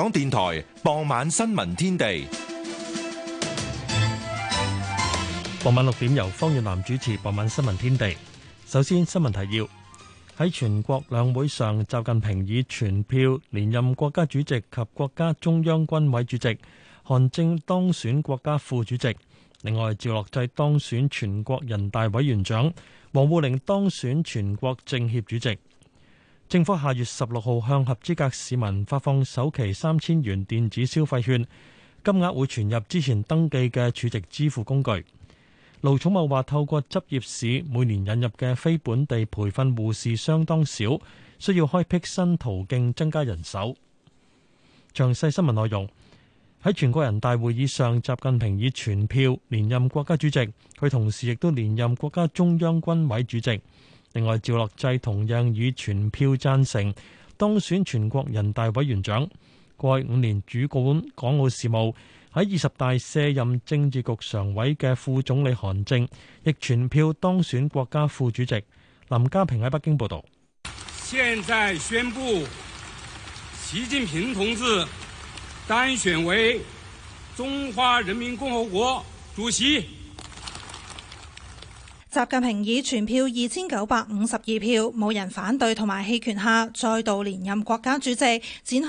港電台傍晚新聞天地，傍晚六點由方月南主持。傍晚新聞天地，首先新聞提要：喺全國兩會上，習近平以全票連任國家主席及國家中央軍委主席，韓正當選國家副主席，另外趙樂際當選全國人大委員長，王滬寧當選全國政協主席。政府下月十六號向合資格市民發放首期三千元電子消費券，金額會存入之前登記嘅儲值支付工具。盧寵茂話：透過執業試每年引入嘅非本地培訓護士相當少，需要開闢新途徑增加人手。詳細新聞內容。喺全國人大會議上，習近平以全票連任國家主席，佢同時亦都連任國家中央軍委主席。另外，趙樂際同樣以全票贊成當選全國人大委員長，過去五年主管港澳事務。喺二十大卸任政治局常委嘅副總理韓正，亦全票當選國家副主席。林家平喺北京報道。現在宣布，習近平同志當選為中華人民共和國主席。習近平以全票二千九百五十二票，冇人反對同埋棄權下，再度連任國家主席，展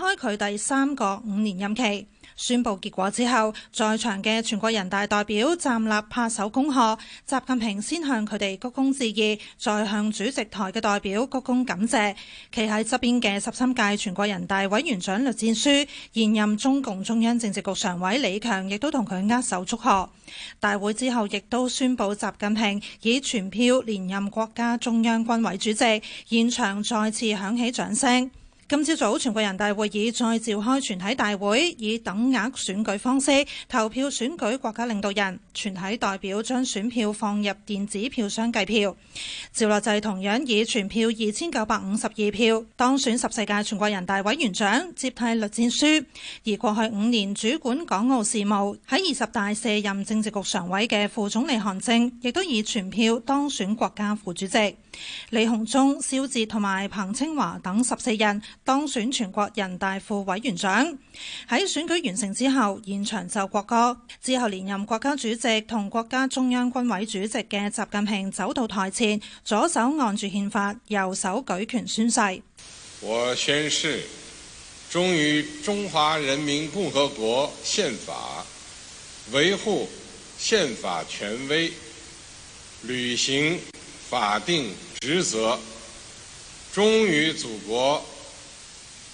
開佢第三個五年任期。宣布結果之後，在場嘅全國人大代表站立拍手恭賀，習近平先向佢哋鞠躬致意，再向主席台嘅代表鞠躬感謝。企喺側邊嘅十三屆全國人大委員長栗戰書、現任中共中央政治局常委李強，亦都同佢握手祝賀。大會之後，亦都宣布習近平以全票連任國家中央軍委主席，現場再次響起掌聲。今朝早，早，全國人大會議再召開全體大會，以等額選舉方式投票選舉國家領導人。全體代表將選票放入電子票箱計票。趙樂際同樣以全票二千九百五十二票當選十四屆全國人大委員長，接替栗戰書。而過去五年主管港澳事務、喺二十大卸任政治局常委嘅副總理韓正，亦都以全票當選國家副主席。李鴻忠、肖捷同埋彭清華等十四人。當選全國人大副委員長，喺選舉完成之後，現場奏國歌。之後連任國家主席同國家中央軍委主席嘅習近平走到台前，左手按住憲法，右手舉拳宣誓。我宣誓，忠於中華人民共和國憲法，維護憲法權威，履行法定職責，忠於祖國。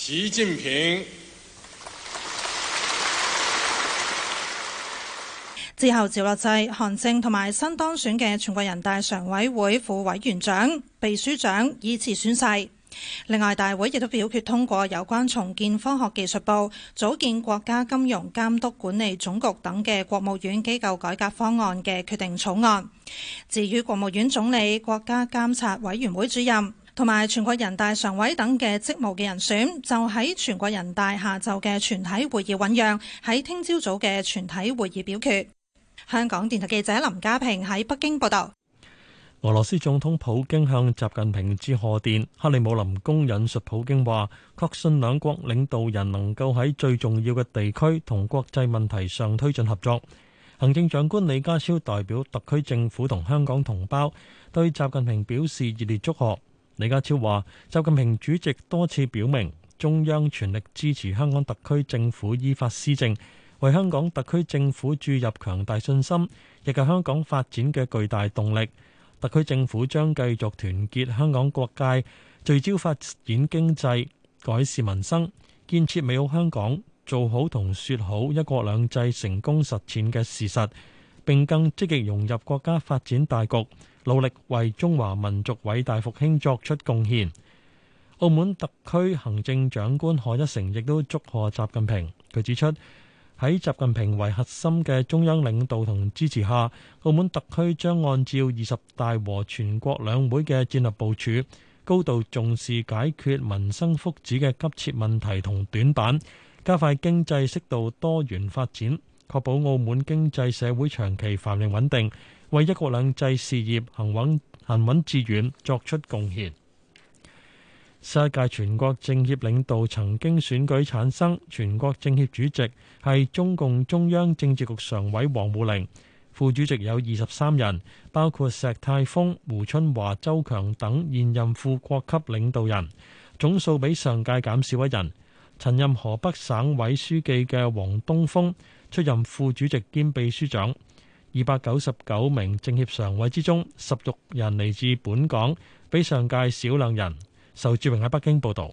習近平之後趙樂、趙樂際、韓正同埋新當選嘅全國人大常委會副委員長、秘書長依次宣誓。另外，大會亦都表決通過有關重建科學技術部、組建國家金融監督管理總局等嘅國務院機構改革方案嘅決定草案。至於國務院總理、國家監察委員會主任。同埋，全國人大常委等嘅職務嘅人選就喺全國人大下晝嘅全體會議醞釀，喺聽朝早嘅全體會議表決。香港電台記者林家平喺北京報道。俄羅斯總統普京向習近平致賀電，克里姆林宮引述普京話：確信兩國領導人能夠喺最重要嘅地區同國際問題上推進合作。行政長官李家超代表特區政府同香港同胞對習近平表示熱烈祝賀。李家超話：習近平主席多次表明，中央全力支持香港特區政府依法施政，為香港特區政府注入強大信心，亦係香港發展嘅巨大動力。特區政府將繼續團結香港各界，聚焦發展經濟、改善民生、建設美好香港，做好同說好一國兩制成功實踐嘅事實，並更積極融入國家發展大局。努力為中華民族偉大復興作出貢獻。澳門特區行政長官賀一誠亦都祝賀習近平。佢指出，喺習近平為核心嘅中央領導同支持下，澳門特區將按照二十大和全國兩會嘅戰略部署，高度重視解決民生福祉嘅急切問題同短板，加快經濟適度多元發展，確保澳門經濟社會長期繁榮穩定。為一國兩制事業行穩行穩致遠作出貢獻。世界全國政協領導曾經選舉產生，全國政協主席係中共中央政治局常委王滬寧，副主席有二十三人，包括石泰峰、胡春華、周強等現任副國級領導人，總數比上屆減少一人。曾任河北省委書記嘅王東峰出任副主席兼秘書長。二百九十九名政協常委之中，十六人嚟自本港，比上屆少兩人。仇志榮喺北京報導。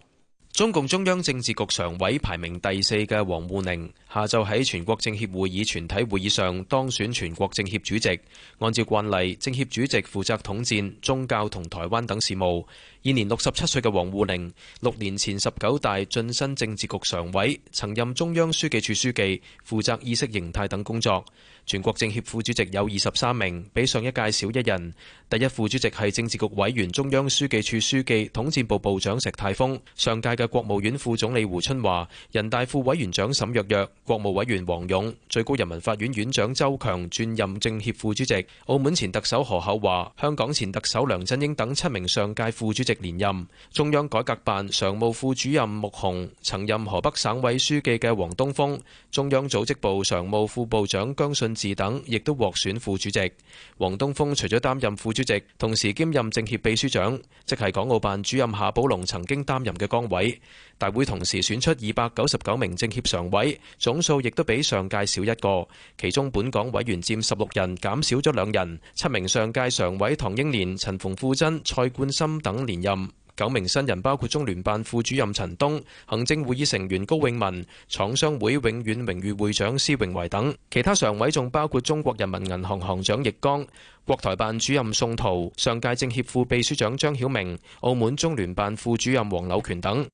中共中央政治局常委排名第四嘅王滬寧下晝喺全國政協會議全體會議上當選全國政協主席。按照慣例，政協主席負責統戰、宗教同台灣等事務。現年六十七歲嘅王滬寧，六年前十九大晉身政治局常委，曾任中央書記處書記，負責意識形態等工作。全國政協副主席有二十三名，比上一屆少一人。第一副主席係政治局委員、中央書記處書記、統戰部部長石泰峰。上屆嘅國務院副總理胡春華、人大副委員長沈躍躍，國務委員王勇、最高人民法院院長周強轉任政協副主席。澳門前特首何厚華、香港前特首梁振英等七名上屆副主席。連任中央改革辦常務副主任穆虹，曾任河北省委書記嘅王東峰，中央組織部常務副部長姜信治等，亦都獲選副主席。王東峰除咗擔任副主席，同時兼任政協秘書長，即係港澳辦主任夏寶龍曾經擔任嘅崗位。大會同時選出二百九十九名政協常委，總數亦都比上屆少一個。其中本港委員佔十六人，減少咗兩人。七名上屆常委唐英年、陳馮富珍、蔡冠深等連任，九名新人包括中聯辦副主任陳東、行政會議成員高永文、廠商會永遠榮譽會長施榮懷等。其他常委仲包括中國人民銀行行長易綱、國台辦主任宋濤、上屆政協副秘書長張曉明、澳門中聯辦副主任黃柳權等。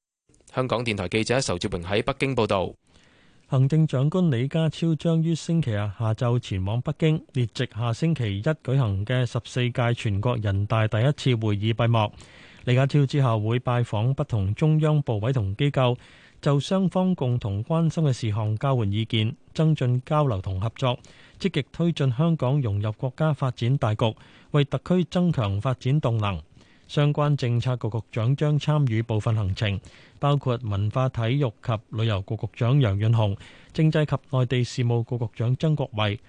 香港電台記者仇志榮喺北京報道。行政長官李家超將於星期日下晝前往北京，列席下星期一舉行嘅十四屆全國人大第一次會議閉幕。李家超之後會拜訪不同中央部委同機構，就雙方共同關心嘅事項交換意見，增進交流同合作，積極推進香港融入國家發展大局，為特區增強發展動能。相關政策局局長將參與部分行程，包括文化體育及旅遊局局長楊潤雄、政制及內地事務局局長曾國衛、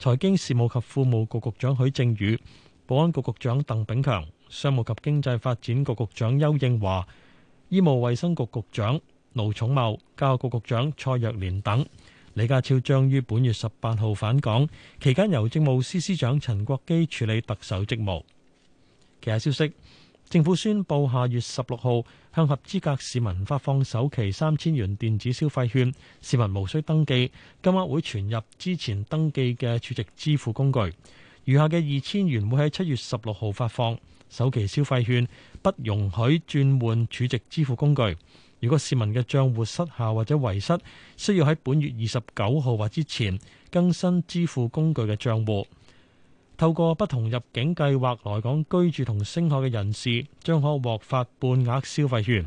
財經事務及庫務局局長許正宇、保安局局長鄧炳強、商務及經濟發展局局長丘應樺、醫務衛生局局長盧寵茂、教育局局長蔡若蓮等。李家超將於本月十八號返港，期間由政務司司長陳國基處理特首職務。其他消息。政府宣布下月十六號向合資格市民發放首期三千元電子消費券，市民無需登記，今晚會存入之前登記嘅儲值支付工具。餘下嘅二千元會喺七月十六號發放首期消費券，不容許轉換儲值支付工具。如果市民嘅賬戶失效或者遺失，需要喺本月二十九號或之前更新支付工具嘅賬戶。透過不同入境計劃來港居住同升學嘅人士，將可獲發半額消費券。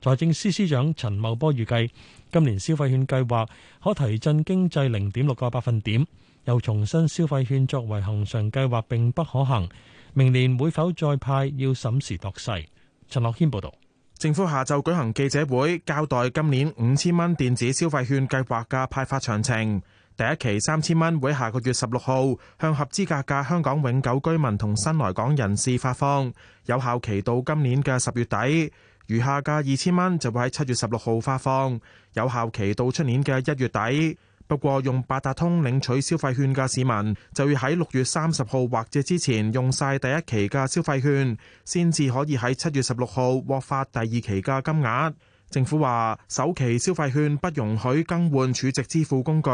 財政司司長陳茂波預計，今年消費券計劃可提振經濟零點六個百分點。又重申消費券作為恒常計劃並不可行。明年會否再派要審時度勢。陳樂軒報導。政府下晝舉行記者會，交代今年五千蚊電子消費券計劃嘅派發詳情。第一期三千蚊會下個月十六號向合資格嘅香港永久居民同新來港人士發放，有效期到今年嘅十月底。餘下嘅二千蚊就會喺七月十六號發放，有效期到出年嘅一月底。不過用八達通領取消費券嘅市民就要喺六月三十號或者之前用晒第一期嘅消費券，先至可以喺七月十六號獲發第二期嘅金額。政府話，首期消費券不容許更換儲值支付工具，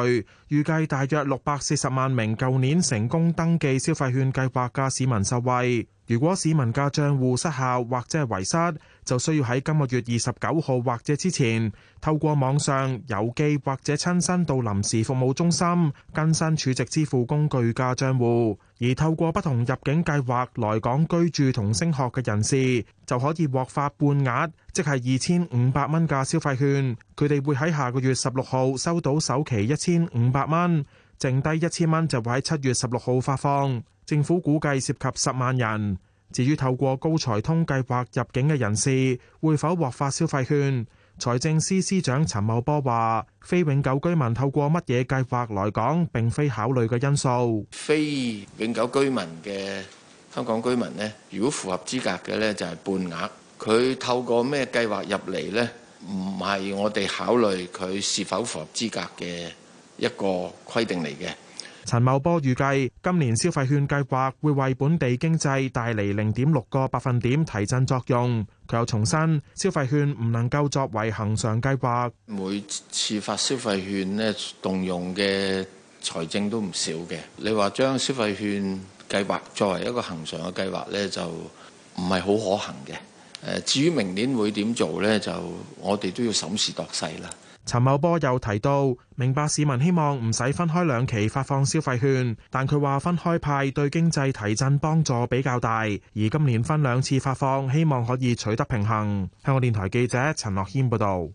預計大約六百四十萬名舊年成功登記消費券計劃嘅市民受惠。如果市民嘅賬戶失效或者係遺失，就需要喺今個月二十九號或者之前，透過網上郵寄或者親身到臨時服務中心更新儲值支付工具嘅賬戶。而透過不同入境計劃來港居住同升學嘅人士，就可以獲發半額，即係二千五百蚊嘅消費券。佢哋會喺下個月十六號收到首期一千五百蚊，剩低一千蚊就會喺七月十六號發放。政府估計涉及十萬人。至於透過高財通計劃入境嘅人士，會否獲發消費券？財政司司長陳茂波話：非永久居民透過乜嘢計劃來港，並非考慮嘅因素。非永久居民嘅香港居民呢，如果符合資格嘅呢，就係半額。佢透過咩計劃入嚟呢？唔係我哋考慮佢是否符合資格嘅一個規定嚟嘅。陳茂波預計今年消費券計劃會為本地經濟帶嚟零點六個百分點提振作用。佢又重申，消費券唔能夠作為恆常計劃。每次發消費券咧，動用嘅財政都唔少嘅。你話將消費券計劃作為一個恆常嘅計劃咧，就唔係好可行嘅。誒，至於明年會點做咧，就我哋都要審時度勢啦。陳茂波又提到，明白市民希望唔使分開兩期發放消費券，但佢話分開派對經濟提振幫助比較大，而今年分兩次發放，希望可以取得平衡。香港電台記者陳樂軒報導。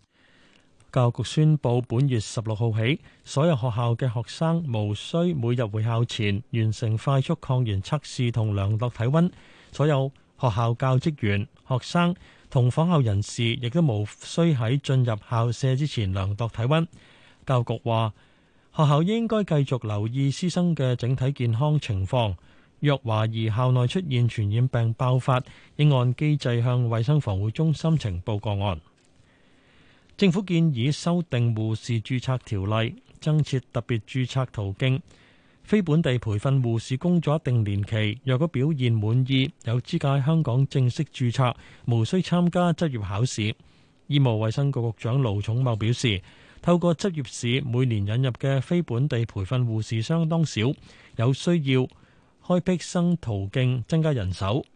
教育局宣布本月十六號起，所有學校嘅學生無需每日回校前完成快速抗原測試同量度體温，所有學校教職員、學生。同訪校人士亦都無需喺進入校舍之前量度體温。教育局話，學校應該繼續留意師生嘅整體健康情況，若懷疑校內出現傳染病爆發，應按機制向衛生防護中心呈報個案。政府建議修訂護士註冊條例，增設特別註冊途徑。非本地培訓護士工作一定年期，若果表現滿意，有資格喺香港正式註冊，無需參加執業考試。醫務衛生局局長盧寵茂表示，透過執業試每年引入嘅非本地培訓護士相當少，有需要開闢新途徑增加人手。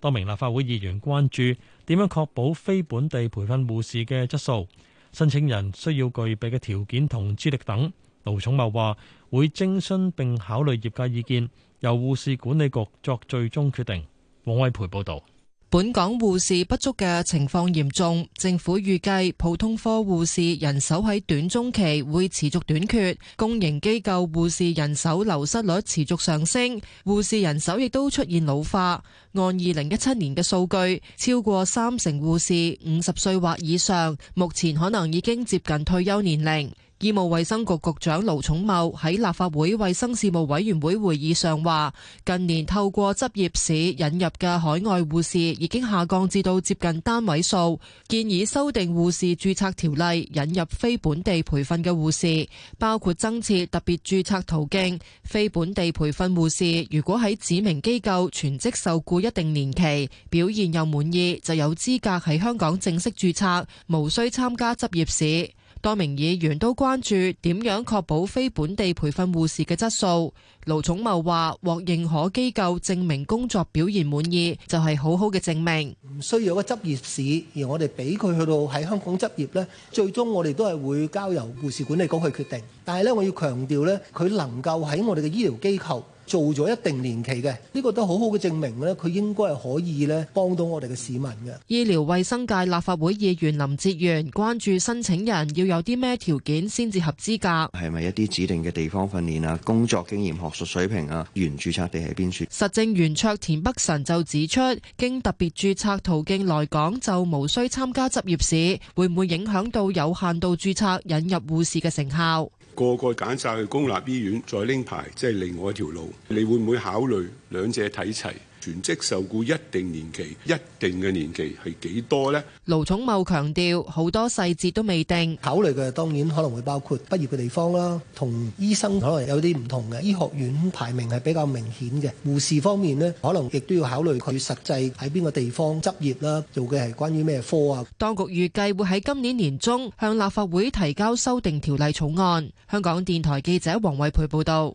多名立法會議員關注點樣確保非本地培訓護士嘅質素、申請人需要具備嘅條件同資歷等。盧寵茂話：會徵詢並考慮業界意見，由護士管理局作最終決定。王偉培報道。本港護士不足嘅情況嚴重，政府預計普通科護士人手喺短中期會持續短缺，公營機構護士人手流失率持續上升，護士人手亦都出現老化。按二零一七年嘅數據，超過三成護士五十歲或以上，目前可能已經接近退休年齡。醫務衛生局局長盧寵茂喺立法會衛生事務委員會會議上話，近年透過執業試引入嘅海外護士已經下降至到接近單位數，建議修訂護士註冊條例，引入非本地培訓嘅護士，包括增設特別註冊途徑。非本地培訓護士如果喺指明機構全職受僱一定年期，表現又滿意，就有資格喺香港正式註冊，無需參加執業試。多名議員都關注點樣確保非本地培訓護士嘅質素。盧寵茂話獲認可機構證明工作表現滿意，就係好好嘅證明。唔需要有個執業試，而我哋俾佢去到喺香港執業呢，最終我哋都係會交由護士管理局去決定。但係呢，我要強調呢，佢能夠喺我哋嘅醫療機構，做咗一定年期嘅，呢、這個都好好嘅證明咧，佢應該，係可以咧幫到我哋嘅市民嘅。醫療衛生界立法會議員林哲玄關注申請人要有啲咩條件先至合資格，係咪一啲指定嘅地方訓練啊、工作經驗、學術水平啊、原注冊地係邊處？實政圓桌田北辰就指出，經特別注冊途徑來港就無需參加執業試，會唔會影響到有限度注冊引入護士嘅成效？個個揀曬去公立醫院，再拎牌，即係另外一條路。你會唔會考慮兩者睇齊？全職受僱一定年期，一定嘅年期係幾多咧？盧寵茂強調好多細節都未定，考慮嘅當然可能會包括畢業嘅地方啦，同醫生可能有啲唔同嘅醫學院排名係比較明顯嘅。護士方面咧，可能亦都要考慮佢實際喺邊個地方執業啦，做嘅係關於咩科啊？當局預計會喺今年年中向立法會提交修訂條例草案。香港電台記者黃慧培報道。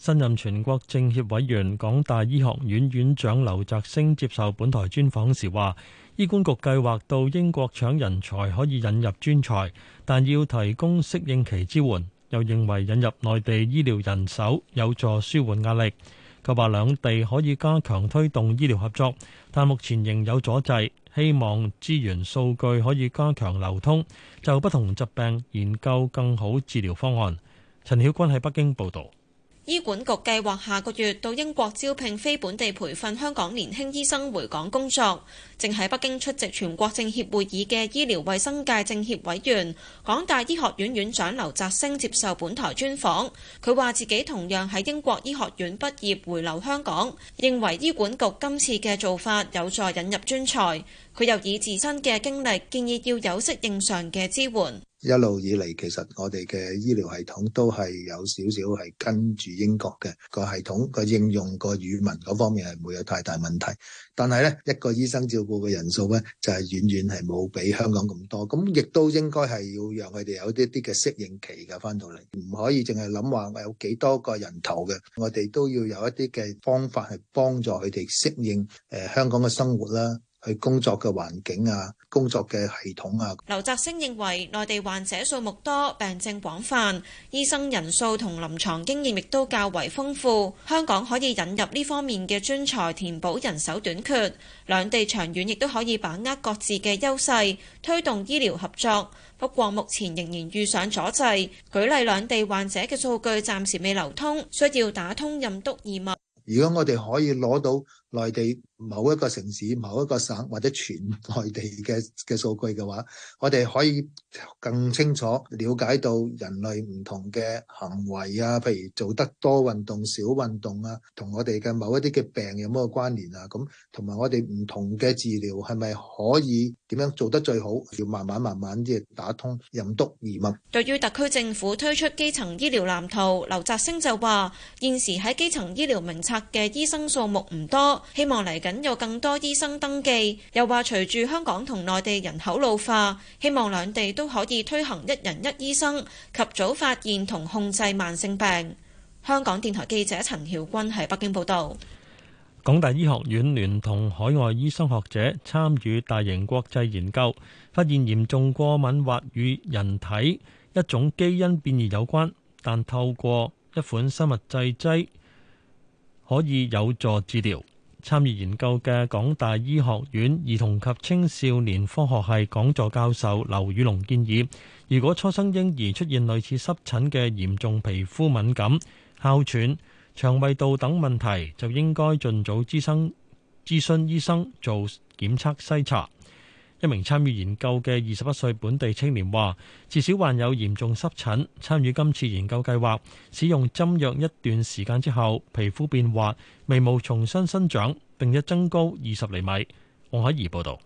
新任全國政協委員、港大醫學院院長劉澤星接受本台專訪時話，醫管局計劃到英國搶人才，可以引入專才，但要提供適應期支援。又認為引入內地醫療人手有助舒緩壓力。佢話兩地可以加強推動醫療合作，但目前仍有阻滯，希望資源數據可以加強流通，就不同疾病研究更好治療方案。陳曉君喺北京報導。醫管局計劃下個月到英國招聘非本地培訓香港年輕醫生回港工作。正喺北京出席全國政協會議嘅醫療衛生界政協委員、港大醫學院院長劉澤星接受本台專訪，佢話自己同樣喺英國醫學院畢業回流香港，認為醫管局今次嘅做法有助引入專才。佢又以自身嘅經歷建議要有適應上嘅支援。一路以嚟，其實我哋嘅醫療系統都係有少少係跟住英國嘅個系統，個應用個語文嗰方面係唔會有太大問題，但係呢一個醫生照顧嘅人數呢就係遠遠係冇比香港咁多，咁亦都應該係要讓佢哋有一啲啲嘅適應期嘅翻到嚟，唔可以淨係諗話我有幾多個人頭嘅，我哋都要有一啲嘅方法去幫助佢哋適應誒香港嘅生活啦。去工作嘅環境啊，工作嘅系統啊。劉澤星認為內地患者數目多，病症廣泛，醫生人數同臨床經驗亦都較為豐富。香港可以引入呢方面嘅專才填補人手短缺，兩地長遠亦都可以把握各自嘅優勢，推動醫療合作。不過目前仍然遇上阻滯，舉例兩地患者嘅數據暫時未流通，需要打通任督二脈。如果我哋可以攞到內地。某一個城市、某一個省或者全內地嘅嘅數據嘅話，我哋可以更清楚了解到人類唔同嘅行為啊，譬如做得多運動、少運動啊，同我哋嘅某一啲嘅病有冇個關聯啊？咁同埋我哋唔同嘅治療係咪可以點樣做得最好？要慢慢慢慢嘅打通任督二脈。對於特區政府推出基層醫療藍圖，劉澤星就話：現時喺基層醫療名冊嘅醫生數目唔多，希望嚟緊。僅有更多醫生登記，又話隨住香港同內地人口老化，希望兩地都可以推行一人一醫生，及早發現同控制慢性病。香港電台記者陳曉君喺北京報道。港大醫學院聯同海外醫生學者參與大型國際研究，發現嚴重過敏或與人體一種基因變異有關，但透過一款生物製劑可以有助治療。參與研究嘅港大醫學院兒童及青少年科學系講座教授劉宇龍建議，如果初生嬰兒出現類似濕疹嘅嚴重皮膚敏感、哮喘、腸胃道等問題，就應該盡早諮詢諮詢醫生做檢測、篩查。一名參與研究嘅二十一歲本地青年話，至少患有嚴重濕疹，參與今次研究計劃，使用針藥一段時間之後，皮膚變滑，眉毛重新生長，並且增高二十厘米。黃海怡報導。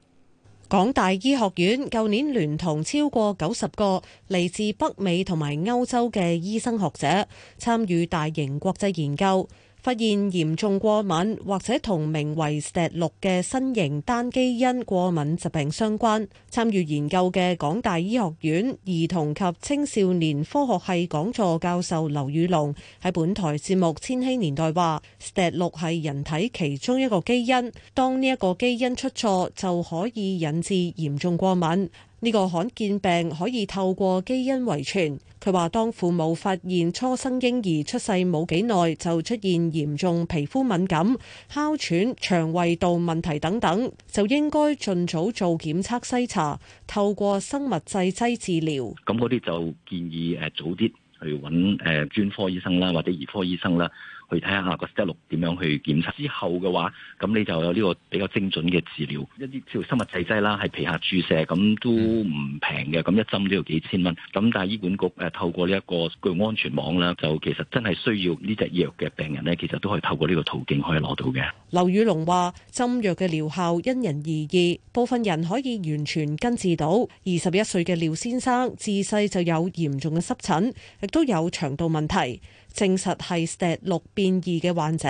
港大醫學院舊年聯同超過九十個嚟自北美同埋歐洲嘅醫生學者，參與大型國際研究。發現嚴重過敏或者同名為 STAT6 嘅新型單基因過敏疾病相關。參與研究嘅港大醫學院兒童及青少年科學系講座教授劉宇龍喺本台節目《千禧年代》話：STAT6 係人體其中一個基因，當呢一個基因出錯就可以引致嚴重過敏。呢個罕見病可以透過基因遺傳。佢話：當父母發現初生嬰兒出世冇幾耐就出現嚴重皮膚敏感、哮喘、腸胃道問題等等，就應該儘早做檢測篩查，透過生物製劑治療。咁嗰啲就建議誒早啲去揾誒專科醫生啦，或者兒科醫生啦。去睇下個質素點樣去檢查，之後嘅話，咁你就有呢個比較精準嘅治療，一啲叫生物製劑啦，係皮下注射，咁都唔平嘅，咁一針都要幾千蚊。咁但係醫管局誒透過呢一個具安全網啦，就其實真係需要呢隻藥嘅病人呢，其實都可以透過呢個途徑可以攞到嘅。劉宇龍話：針藥嘅療效因人而異，部分人可以完全根治到。二十一歲嘅廖先生自細就有嚴重嘅濕疹，亦都有腸道問題。證實係 STAT6 變異嘅患者，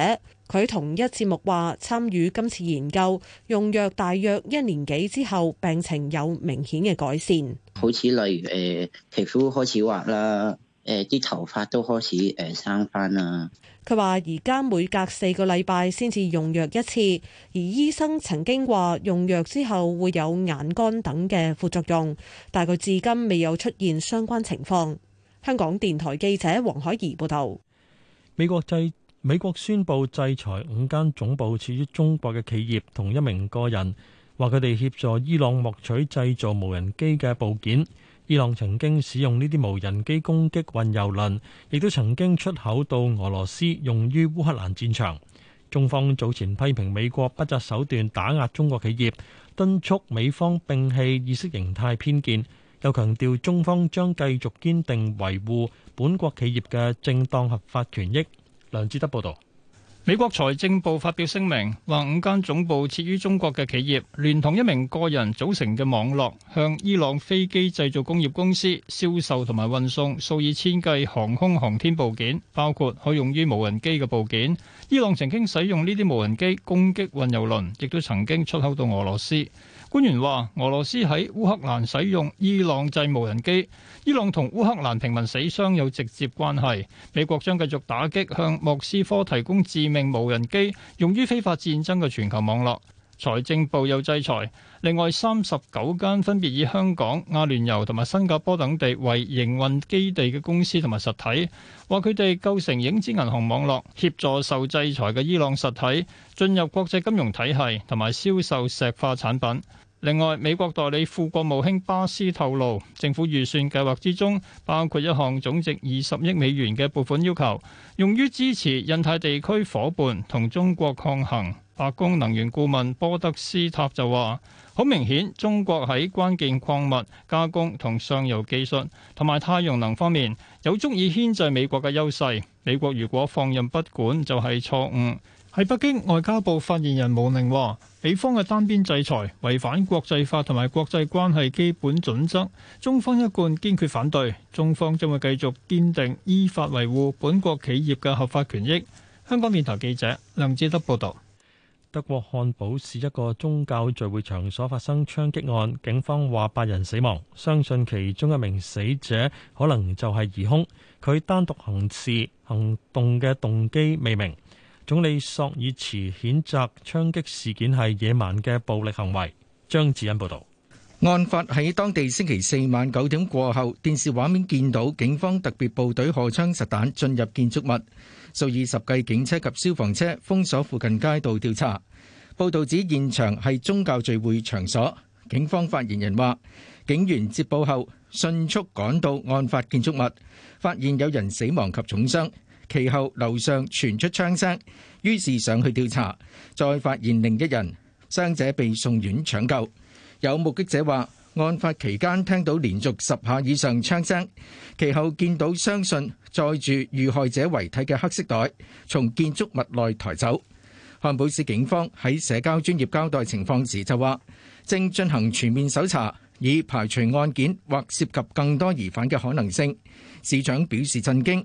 佢同一節目話參與今次研究用藥大約一年幾之後，病情有明顯嘅改善。好似例如誒、呃、皮膚開始滑啦，誒、呃、啲頭髮都開始誒、呃、生翻啦。佢話而家每隔四個禮拜先至用藥一次，而醫生曾經話用藥之後會有眼乾等嘅副作用，但佢至今未有出現相關情況。香港電台記者黃海怡報道：美國製，美國宣布制裁五間總部處於中國嘅企業同一名個人，話佢哋協助伊朗獲取製造無人機嘅部件。伊朗曾經使用呢啲無人機攻擊運油輪，亦都曾經出口到俄羅斯，用於烏克蘭戰場。中方早前批評美國不擇手段打壓中國企業，敦促美方摒棄意識形態偏見。又強調中方將繼續堅定維護本國企業嘅正當合法權益。梁志德報導。美國財政部發表聲明，話五間總部設於中國嘅企業，聯同一名個人組成嘅網絡，向伊朗飛機製造工業公司銷售同埋運送數以千計航空航天部件，包括可用於無人機嘅部件。伊朗曾經使用呢啲無人機攻擊運油輪，亦都曾經出口到俄羅斯。官員話：俄羅斯喺烏克蘭使用伊朗製無人機，伊朗同烏克蘭平民死傷有直接關係。美國將繼續打擊向莫斯科提供致命無人機用於非法戰爭嘅全球網絡。財政部有制裁另外三十九間分別以香港、阿聯酋同埋新加坡等地為營運基地嘅公司同埋實體，話佢哋構成影子銀行網絡，協助受制裁嘅伊朗實體進入國際金融體系同埋銷售石化產品。另外，美國代理副國務卿巴斯透露，政府預算計劃之中包括一項總值二十億美元嘅撥款要求，用於支持印太地區伙伴同中國抗衡。白宮能源顧問波德斯塔就話：好明顯，中國喺關鍵礦物加工同上游技術同埋太陽能方面，有足以牽制美國嘅優勢。美國如果放任不管，就係錯誤。喺北京，外交部發言人毛寧話，美方嘅單邊制裁違反國際法同埋國際關係基本準則，中方一貫堅決反對，中方將會繼續堅定依法維護本國企業嘅合法權益。香港電台記者梁志德報道。德國漢堡市一個宗教聚會場所發生槍擊案，警方話八人死亡，相信其中一名死者可能就係疑凶，佢單獨行事，行動嘅動機未明。總理索爾茨譴責槍擊事件係野蠻嘅暴力行為。張智恩報道，案發喺當地星期四晚九點過後，電視畫面見到警方特別部隊荷槍實彈進入建築物，數以十計警車及消防車封鎖附近街道調查。報道指現場係宗教聚會場所，警方發言人話，警員接報後迅速趕到案發建築物，發現有人死亡及重傷。其後樓上傳出槍聲，於是上去調查，再發現另一人傷者被送院搶救。有目擊者話，案發期間聽到連續十下以上槍聲，其後見到相信載住遇害者遺體嘅黑色袋從建築物內抬走。漢堡市警方喺社交專業交代情況時就話，正進行全面搜查，以排除案件或涉及更多疑犯嘅可能性。市長表示震驚。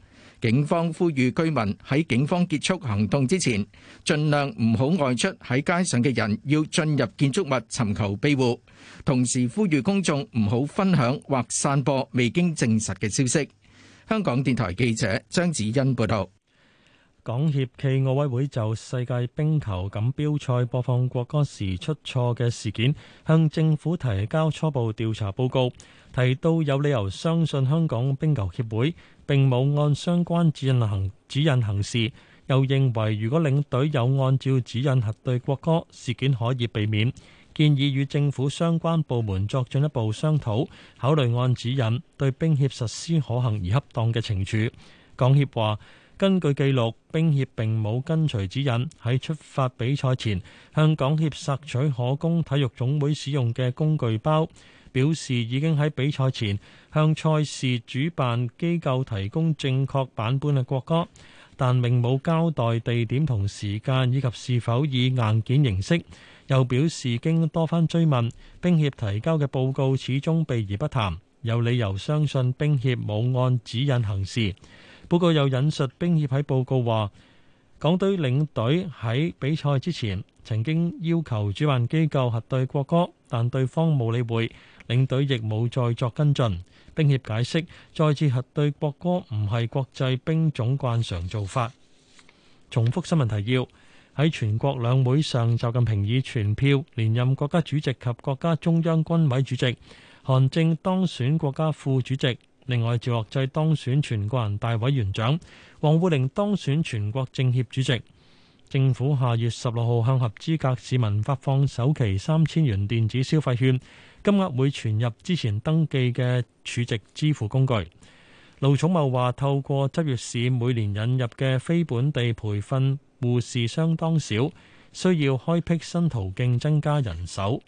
警方呼籲居民喺警方結束行動之前，盡量唔好外出；喺街上嘅人要進入建築物尋求庇護。同時呼籲公眾唔好分享或散播未經證實嘅消息。香港電台記者張子欣報道，港協暨奧委會就世界冰球錦標賽播放國歌時出錯嘅事件，向政府提交初步調查報告，提到有理由相信香港冰球協會。並冇按相關指引行指引行事，又認為如果領隊有按照指引核對國歌，事件可以避免，建議與政府相關部門作進一步商討，考慮按指引對冰協實施可行而恰當嘅懲處。港協話根據記錄，冰協並冇跟隨指引喺出發比賽前向港協索取可供體育總會使用嘅工具包。表示已經喺比賽前向賽事主辦機構提供正確版本嘅國歌，但並冇交代地點同時間以及是否以硬件形式。又表示經多番追問，冰協提交嘅報告始終避而不談，有理由相信冰協冇按指引行事。報告又引述冰協喺報告話。港隊領隊喺比賽之前曾經要求主辦機構核對國歌，但對方冇理會，領隊亦冇再作跟進。冰協解釋再次核對國歌唔係國際冰總慣常做法。重複新聞提要：喺全國兩會上，習近平以全票連任國家主席及國家中央軍委主席，韓正當選國家副主席，另外趙樂際當選全國人大委員長。王滬寧當選全國政協主席。政府下月十六號向合資格市民發放首期三千元電子消費券，金額會存入之前登記嘅儲值支付工具。盧寵茂話：透過執業試，每年引入嘅非本地培訓護士相當少，需要開闢新途徑增加人手。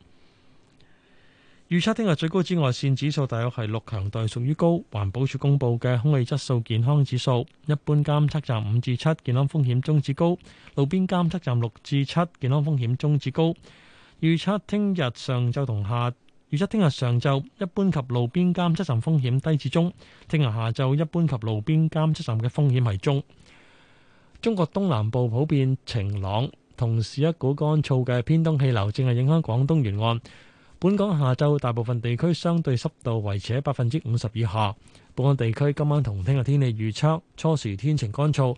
預測聽日最高紫外線指數大約係六，強度屬於高。環保署公布嘅空氣質素健康指數，一般監測站五至七，健康風險中至高；路邊監測站六至七，健康風險中至高。預測聽日上晝同下，預測聽日上晝一般及路邊監測站風險低至中；聽日下晝一般及路邊監測站嘅風險係中。中國東南部普遍晴朗，同時一股乾燥嘅偏東氣流正係影響廣東沿岸。本港下晝大部分地區相對濕度維持喺百分之五十以下。本港地區今晚同聽日天氣預測，初時天晴乾燥，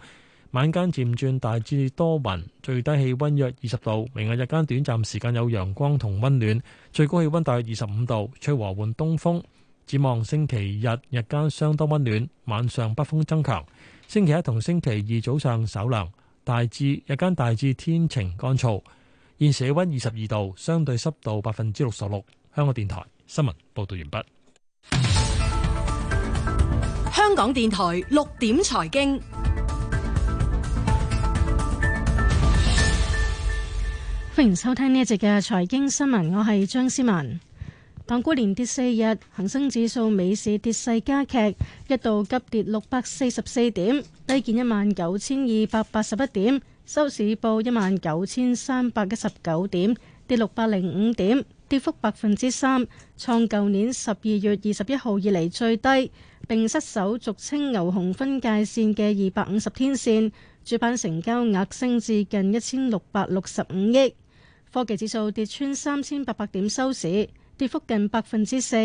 晚間漸轉大致多雲，最低氣溫約二十度。明日日間短暫時間有陽光同溫暖，最高氣溫大約二十五度，吹和緩東風，展望星期日日間相當溫暖，晚上北風增強，星期一同星期二早上稍涼大致日間大致天晴乾燥。現時氣溫二十二度，相對濕度百分之六十六。香港電台新聞報道完畢。香港電台六點財經，歡迎收聽呢一節嘅財經新聞，我係張思文。港股連跌四日，恒生指數，美市跌勢加劇，一度急跌六百四十四點，低見一萬九千二百八十一點。收市報一萬九千三百一十九點，跌六百零五點，跌幅百分之三，創舊年十二月二十一號以嚟最低。並失守俗稱牛熊分界線嘅二百五十天線。主板成交額升至近一千六百六十五億。科技指數跌穿三千八百點收市，跌幅近百分之四。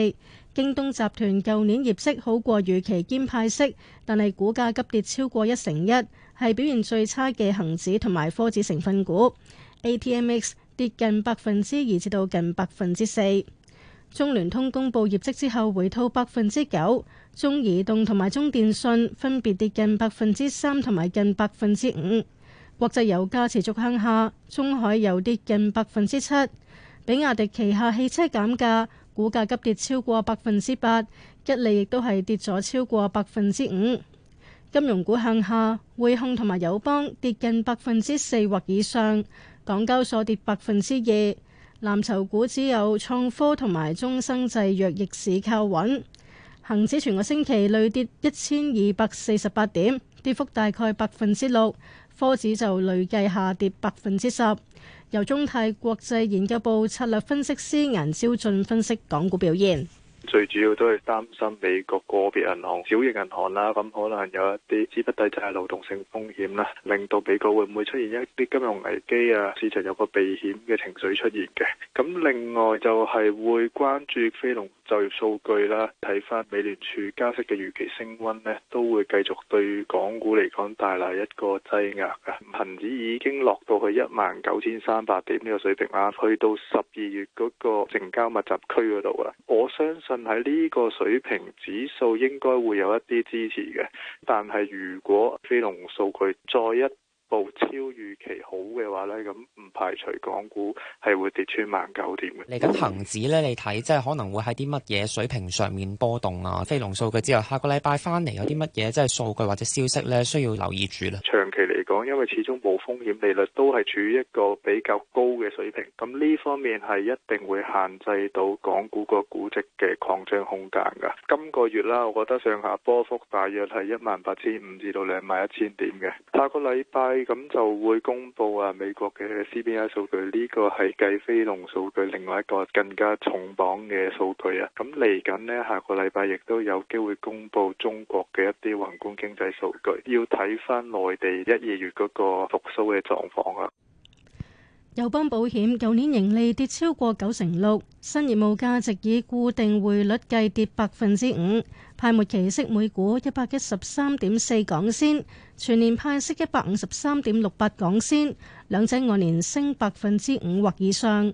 京東集團舊年業績好過預期兼派息，但係股價急跌超過一成一。係表現最差嘅恒指同埋科指成分股，A T M X 跌近百分之二至到近百分之四。中聯通公布業績之後回吐百分之九，中移動同埋中電信分別跌近百分之三同埋近百分之五。國際油價持續向下，中海油跌近百分之七。比亞迪旗下汽車減價，股價急跌超過百分之八，吉利亦都係跌咗超過百分之五。金融股向下，匯控同埋友邦跌近百分之四或以上，港交所跌百分之二。藍籌股只有創科同埋中生製藥，逆市靠穩。恒指全個星期累跌一千二百四十八點，跌幅大概百分之六。科指就累計下跌百分之十。由中泰國際研究部策略分析師顏朝俊分析港股表現。最主要都係擔心美國個別銀行、小型銀行啦，咁、嗯、可能有一啲，資不抵債就係流動性風險啦，令到美國會唔會出現一啲金融危機啊？市場有個避險嘅情緒出現嘅。咁、嗯、另外就係會關注非農就業數據啦，睇翻美聯儲加息嘅預期升溫咧，都會繼續對港股嚟講帶嚟一個擠壓嘅。恒指已經落到去一萬九千三百點呢個水平啦，去到十二月嗰個成交密集區嗰度啦，我相信。但係呢個水平，指數應該會有一啲支持嘅，但係如果非農數據再一暴超預期好嘅話咧，咁唔排除港股係會跌穿萬九點嘅。嚟緊恒指咧，你睇即係可能會喺啲乜嘢水平上面波動啊？非農數據之後，下個禮拜翻嚟有啲乜嘢即係數據或者消息咧，需要留意住咧。長期嚟講，因為始終冇風險利率都係處於一個比較高嘅水平，咁呢方面係一定會限制到港股個估值嘅擴張空間㗎。今個月啦，我覺得上下波幅大約係一萬八千五至到兩萬一千點嘅。下個禮拜。咁就會公布啊美國嘅 CPI 數據，呢、這個係計非農數據另外一個更加重磅嘅數據啊！咁嚟緊呢，下個禮拜亦都有機會公布中國嘅一啲宏觀經濟數據，要睇翻內地一二月嗰個復甦嘅狀況啊！友邦保險舊年盈利跌超過九成六，新業務價值以固定匯率計跌百分之五，派末期息每股一百一十三點四港仙，全年派息一百五十三點六八港仙，兩者按年升百分之五或以上。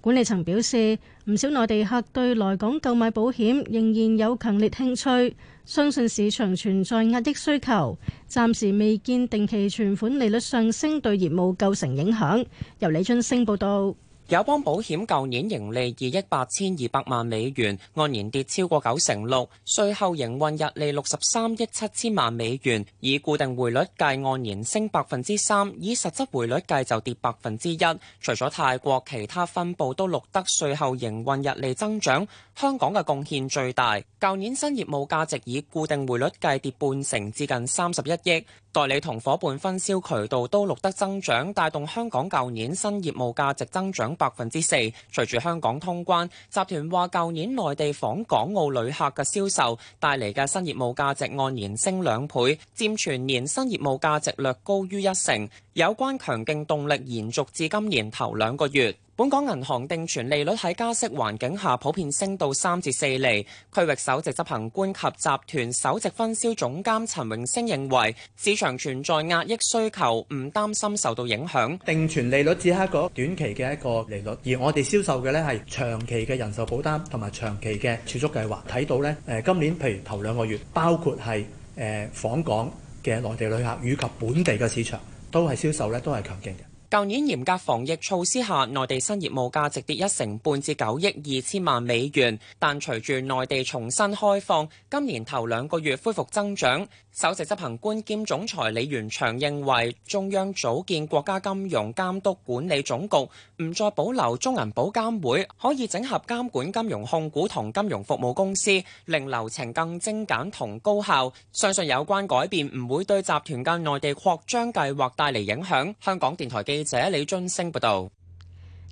管理層表示，唔少內地客對來港購買保險仍然有強烈興趣，相信市場存在壓抑需求，暫時未見定期存款利率上升對業務構成影響。由李俊升報道。友邦保險舊年盈利二億八千二百萬美元，按年跌超過九成六，稅後營運溢利六十三億七千萬美元，以固定匯率計按年升百分之三，以實質匯率計就跌百分之一。除咗泰國，其他分部都錄得稅後營運溢利增長，香港嘅貢獻最大。舊年新業務價值以固定匯率計跌半成，至近三十一億。代理同夥伴分銷渠道都錄得增長，帶動香港舊年新業務價值增長百分之四。隨住香港通關，集團話舊年內地訪港澳旅客嘅銷售帶嚟嘅新業務價值按年升兩倍，佔全年新業務價值略高於一成。有關強勁動力延續至今年頭兩個月。本港銀行定存利率喺加息環境下普遍升到三至四厘。區域首席執行官及集團首席分銷總監陳榮升認為，市場存在壓抑需求，唔擔心受到影響。定存利率只係一個短期嘅一個利率，而我哋銷售嘅呢係長期嘅人壽保單同埋長期嘅儲蓄計劃。睇到呢，誒今年譬如頭兩個月，包括係誒、呃、訪港嘅內地旅客以及本地嘅市場，都係銷售呢都係強勁嘅。舊年嚴格防疫措施下，內地新業務價值跌一成半至九億二千萬美元，但隨住內地重新開放，今年頭兩個月恢復增長。首席執行官兼總裁李源祥認為，中央組建國家金融監督管理總局，唔再保留中銀保監會，可以整合監管金融控股同金融服務公司，令流程更精簡同高效。相信有關改變唔會對集團嘅內地擴張計劃帶嚟影響。香港電台記者李津星報導。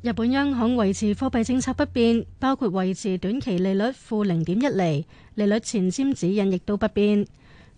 日本央行維持貨幣政策不變，包括維持短期利率負零點一釐，利率前瞻指引亦都不變。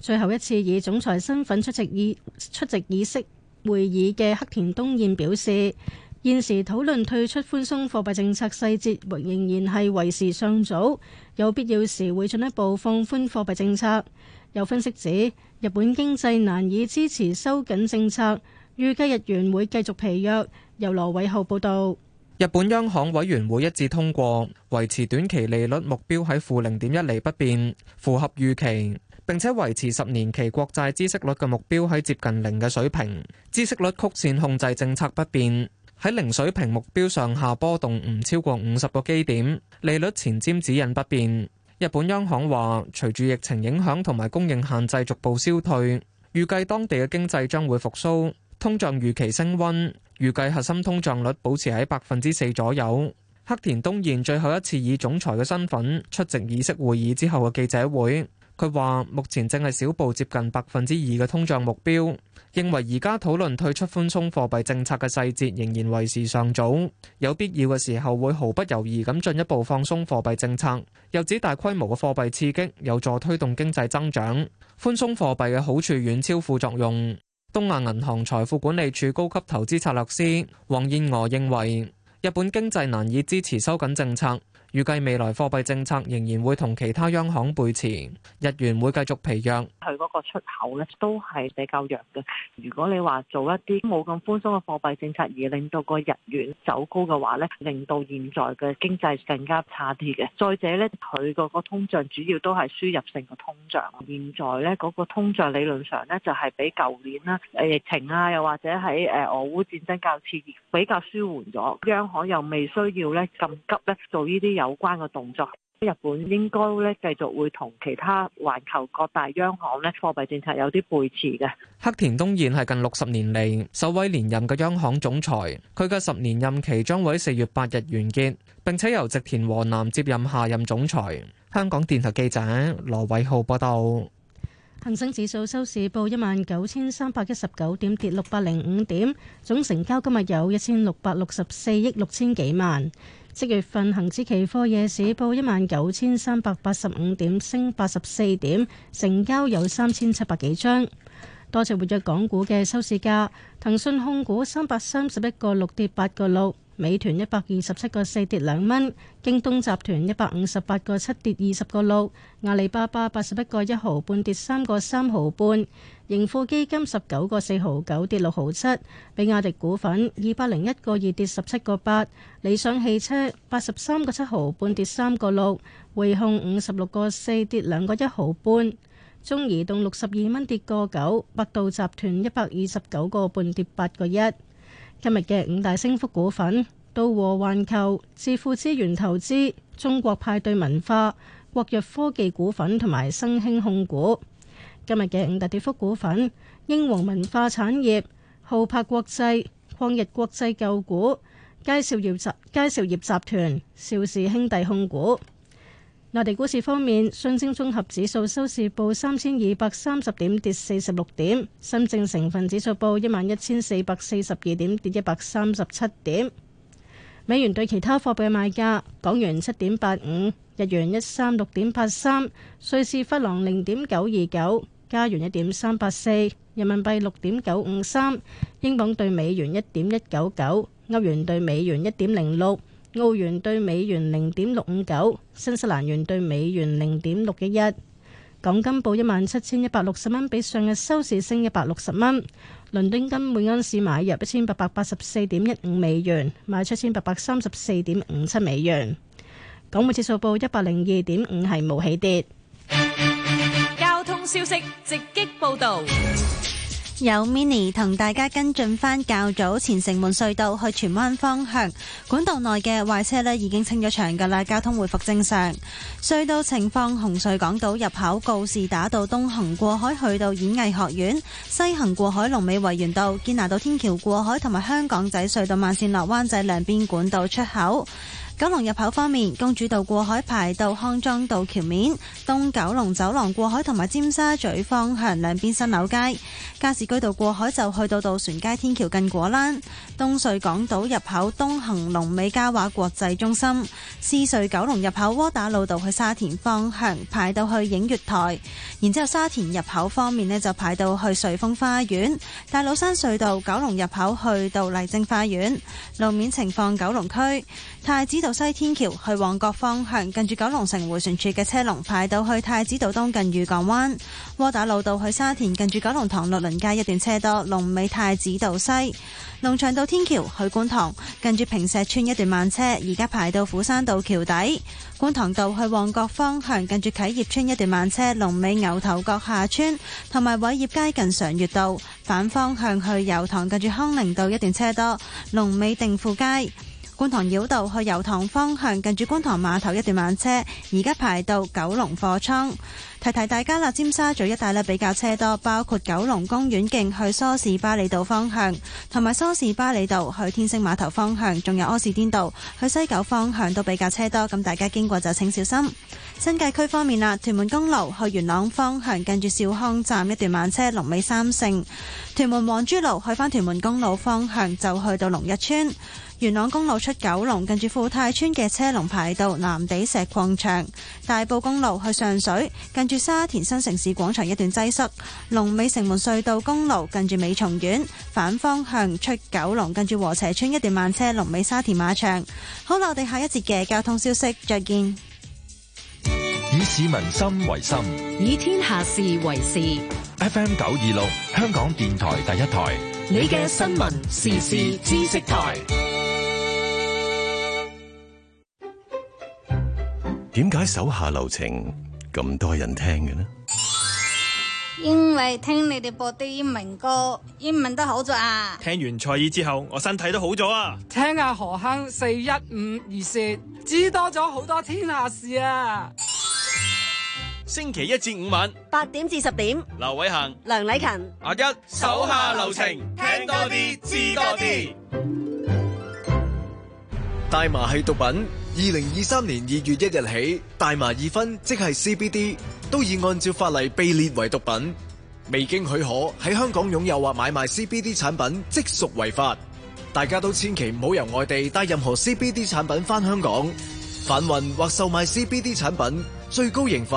最後一次以總裁身份出席以出席議息會議嘅黑田東彥表示，現時討論退出寬鬆貨幣政策細節，仍然係為時尚早。有必要時會進一步放寬貨幣政策。有分析指，日本經濟難以支持收緊政策，預計日元會繼續疲弱。由羅偉浩報導。日本央行委員會一致通過維持短期利率目標喺負零點一厘不變，符合預期。並且維持十年期國債孳息率嘅目標喺接近零嘅水平，孳息率曲線控制政策不變，喺零水平目標上下波動唔超過五十個基點。利率前瞻指引不變。日本央行話，隨住疫情影響同埋供應限制逐步消退，預計當地嘅經濟將會復甦，通脹預期升温，預計核心通脹率保持喺百分之四左右。黑田東彥最後一次以總裁嘅身份出席議息會議之後嘅記者會。佢話：目前正係小步接近百分之二嘅通脹目標，認為而家討論退出寬鬆貨幣政策嘅細節仍然為時尚早。有必要嘅時候會毫不猶豫咁進一步放鬆貨幣政策，又指大規模嘅貨幣刺激有助推動經濟增長。寬鬆貨幣嘅好處遠超副作用。東亞銀行財富管理處高級投資策略師黃燕娥認為，日本經濟難以支持收緊政策。預計未來貨幣政策仍然會同其他央行背馳，日元會繼續疲弱。佢嗰個出口咧都係比較弱嘅。如果你話做一啲冇咁寬鬆嘅貨幣政策，而令到個日元走高嘅話咧，令到現在嘅經濟更加差啲嘅。再者咧，佢嗰個通脹主要都係輸入性嘅通脹。現在咧嗰個通脹理論上咧就係比舊年啦，疫情啊，又或者喺誒俄烏戰爭較次而比較舒緩咗，央行又未需要咧咁急咧做呢啲。有關嘅動作，日本應該咧繼續會同其他環球各大央行咧貨幣政策有啲背馳嘅。黑田東彥係近六十年嚟首位連任嘅央行總裁，佢嘅十年任期將會四月八日完結，並且由植田和男接任下任總裁。香港電台記者羅偉浩報道。恒生指數收市報一萬九千三百一十九點，跌六百零五點，總成交今日有一千六百六十四億六千幾萬。即月份恒指期貨夜市報一萬九千三百八十五點，升八十四點，成交有三千七百幾張，多隻活躍港股嘅收市價，騰訊控股三百三十一個六跌八個六。美團一百二十七個四跌兩蚊，京東集團一百五十八個七跌二十個六，阿里巴巴八十一個一毫半跌三個三毫半，盈富基金十九個四毫九跌六毫七，比亞迪股份二百零一個二跌十七個八，理想汽車八十三個七毫半跌三個六，匯控五十六個四跌兩個一毫半，中移動六十二蚊跌個九，百度集團一百二十九個半跌八個一。今日嘅五大升幅股份：道和環球、致富資源投資、中國派對文化、國藥科技股份同埋新興控股。今日嘅五大跌幅股份：英皇文化產業、浩柏國際、礦日國際舊股、佳兆業集、佳兆業集團、邵氏兄弟控股。內地股市方面，上證綜合指數收市報三千二百三十點，跌四十六點，深證成分指數報一萬一千四百四十二點，跌一百三十七點。美元對其他貨幣嘅賣價：港元七點八五，日元一三六點八三，瑞士法郎零點九二九，加元一點三八四，人民幣六點九五三，英鎊對美元一點一九九，歐元對美元一點零六。澳元對美元零點六五九，新西蘭元對美元零點六一一，港金報一萬七千一百六十蚊，比上日收市升一百六十蚊。倫敦金每安士買入一千八百八十四點一五美元，賣出一千八百三十四點五七美元。港匯指數報一百零二點五，係冇起跌。交通消息直擊報道。有 Mini 同大家跟進返較早前城門隧道去荃灣方向管道內嘅壞車咧，已經清咗場㗎啦，交通回復正常。隧道情況：紅隧港島入口告士打道東行過海去到演藝學院，西行過海龍尾維園道、堅拿道天橋過海同埋香港仔隧道慢線落灣仔兩邊管道出口。九龍入口方面，公主道過海排到康莊道橋面，東九龍走廊過海同埋尖沙咀方向兩邊新樓街，加士居道過海就去到渡船街天橋近果欄，東隧港島入口東行龍尾嘉華國際中心，獅隧九龍入口窩打老道去沙田方向排到去映月台，然之後沙田入口方面呢，就排到去瑞豐花園，大老山隧道九龍入口去到麗晶花園，路面情況，九龍區太子道。西天橋去旺角方向，近住九龍城回旋處嘅車龍排到去太子道東近御港灣；窩打老道去沙田，近住九龍塘律倫街一段車多，龍尾太子道西；龍翔道天橋去觀塘，近住坪石村一段慢車，而家排到斧山道橋底；觀塘道去旺角方向，近住啟業村一段慢車，龍尾牛頭角下村同埋偉業街近常悅道，反方向去油塘，近住康寧道一段車多，龍尾定富街。觀塘繞道去油塘方向，近住觀塘碼頭一段慢車，而家排到九龍貨倉。提提大家啦，尖沙咀一帶咧比較車多，包括九龍公園徑去梳士巴利道方向，同埋梳士巴利道去天星碼頭方向，仲有柯士甸道去西九方向都比較車多，咁大家經過就請小心。新界區方面啦，屯門公路去元朗方向，近住兆康站一段慢車，龍尾三聖。屯門黃珠路去返屯門公路方向就去到龍一村。元朗公路出九龍，近住富泰村嘅車龍排到藍地石礦場；大埔公路去上水，近住沙田新城市廣場一段擠塞；龍尾城門隧道公路近住美松苑，反方向出九龍，近住和斜村一段慢車龍尾沙田馬場。好啦，我哋下一節嘅交通消息，再見。以市民心為心，以天下事為事。FM 九二六，香港電台第一台，你嘅新聞時事知識台。點解手下留情咁多人聽嘅呢？因為聽你哋播啲英文歌，英文都好咗啊！聽完蔡依之後，我身體都好咗啊！聽下何鏗四一五二說，知多咗好多天下事啊！星期一至五晚八點至十點，劉偉恒、梁禮勤，阿一手下留情，聽多啲，知多啲。大麻係毒品。二零二三年二月一日起，大麻二酚即係 CBD 都已按照法例被列為毒品，未經許可喺香港擁有或買賣 CBD 產品即屬違法。大家都千祈唔好由外地帶任何 CBD 產品返香港，販運或售賣 CBD 產品最高刑罰。